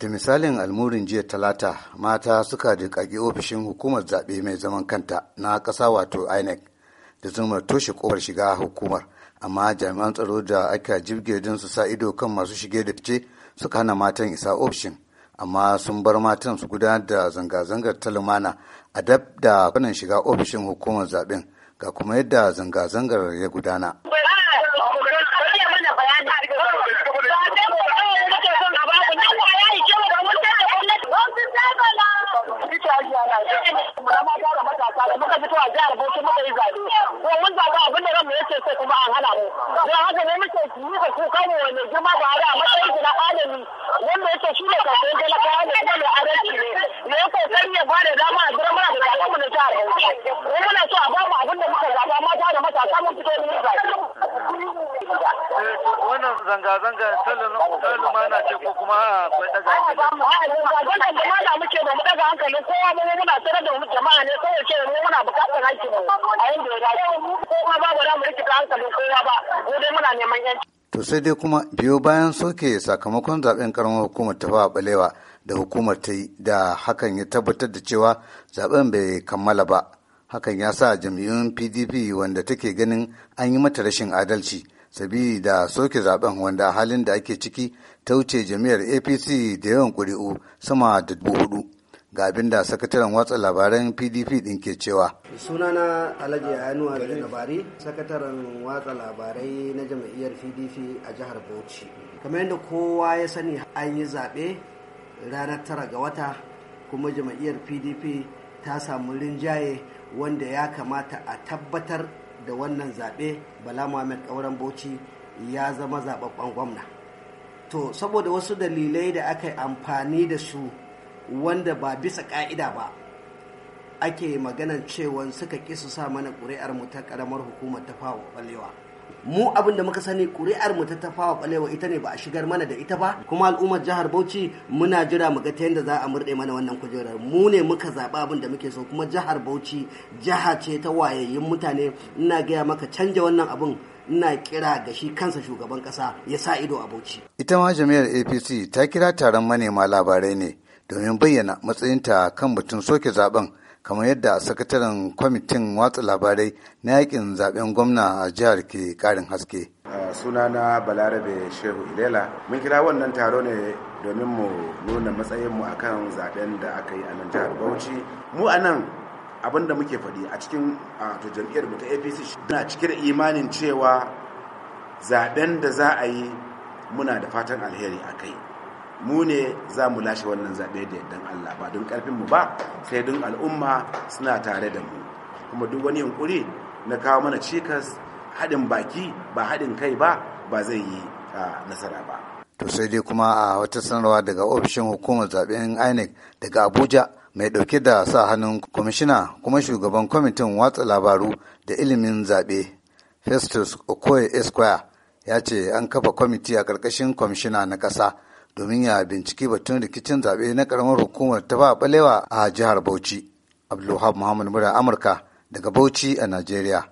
Da misalin almurin jiya talata mata suka jikaki ofishin hukumar zaɓe mai zaman kanta na ƙasa wato INEC da zumar toshe ƙofar shiga hukumar. Amma jami'an tsaro da aka jibge don su sa ido kan masu shige da fice suka hana matan isa ofishin. Amma sun bar matan su gudanar da zanga-zangar ta lumana a dab da kanan shiga ofishin hukumar zaɓen ga kuma yadda zanga-zangar ya gudana. mu na mata da matasa da muka fito a jihar Bauchi muka yi zabe ko mun zaga abin da ranmu yake so kuma an hana mu don haka ne muke muka kuka mu wani girma ba a matsayin shi na adami wanda yake shi ne kasuwan talakawa ne kuma mai adalci ne me ya ya bada dama a girma da zaɓen mu na jihar Bauchi muna so a ba mu abin da muka mata da matasa mun fito yi zabe eh, wannan zanga-zanga ce ko kuma A'a ba a'a daga kowa mu muna sanar da jama'a ne muna bukatar rikita hankalin kowa ba dai To sai dai kuma biyo bayan soke sakamakon zaben karamar hukumar ta fawa balewa da hukumar ta yi da hakan ya tabbatar da cewa zaben bai kammala ba. Hakan ya sa jam'iyyun PDP wanda take ganin an yi mata rashin adalci. sabili da soke zaben wanda halin da ake ciki ta wuce jami'ar apc da yawan ƙuri'u sama da dubu hudu ga abin da sakataren watsa labaran pdp din ke cewa sunana alhaji yanuwa da labari sakataren watsa labarai na jam'iyyar pdp a jihar bauchi kamar yadda kowa ya sani an yi zaɓe ranar tara ga wata kuma jam'iyyar pdp ta samu rinjaye wanda ya kamata a tabbatar da wannan zaɓe bala muhammad ƙauren bauchi ya zama zaɓaɓɓen gwamna to saboda wasu dalilai da aka yi amfani da su wanda ba bisa ka'ida ba ake maganan cewa suka ƙi su sa mana ƙuri'ar mu ta ƙaramar hukumar ta fawa ɓalewa mu abin da muka sani ƙuri'ar mu ta tafawa ɓalewa ita ne ba a shigar mana da ita ba kuma al'ummar jihar Bauchi muna jira mu ga ta yadda za a murɗe mana wannan kujerar mu ne muka zaɓa abin da muke so kuma jihar Bauchi jiha ce ta wayayyun mutane ina gaya maka canja wannan abin ina kira ga shi kansa shugaban ƙasa ya sa ido a Bauchi ita ma jami'ar APC ta kira taron manema labarai ne domin bayyana matsayinta kan batun soke zaben kamar yadda sakataren kwamitin watsa labarai na yakin zaben gwamna a jihar ke karin haske. sunana balarabe shehu ilela mun kira wannan taro ne domin mu nuna matsayinmu akan zaben da aka yi a nan jihar bauchi mu a nan abin da muke faɗi a cikin to jam'iyyar mu ta apc na cike da imanin cewa zaben da za a yi muna da fatan alheri a kai mu ne za mu lashe wannan zaɓe da yadda Allah ba don ƙarfinmu ba sai don al'umma suna tare da mu kuma duk wani yunkuri na kawo mana cikas haɗin baki ba haɗin kai ba ba zai yi nasara ba. To sai dai kuma a wata sanarwa daga ofishin hukumar zaɓen INEC daga Abuja mai ɗauke da sa hannun kwamishina kuma shugaban kwamitin watsa labaru da ilimin zaɓe Festus Okoye Esquire ya ce an kafa kwamiti a ƙarƙashin kwamishina na ƙasa. domin ya binciki batun rikicin zaɓe na ƙaramar hukumar ta ba balewa a jihar Bauchi. Abdulwahab Muhammad Mura Amurka daga Bauchi a Najeriya.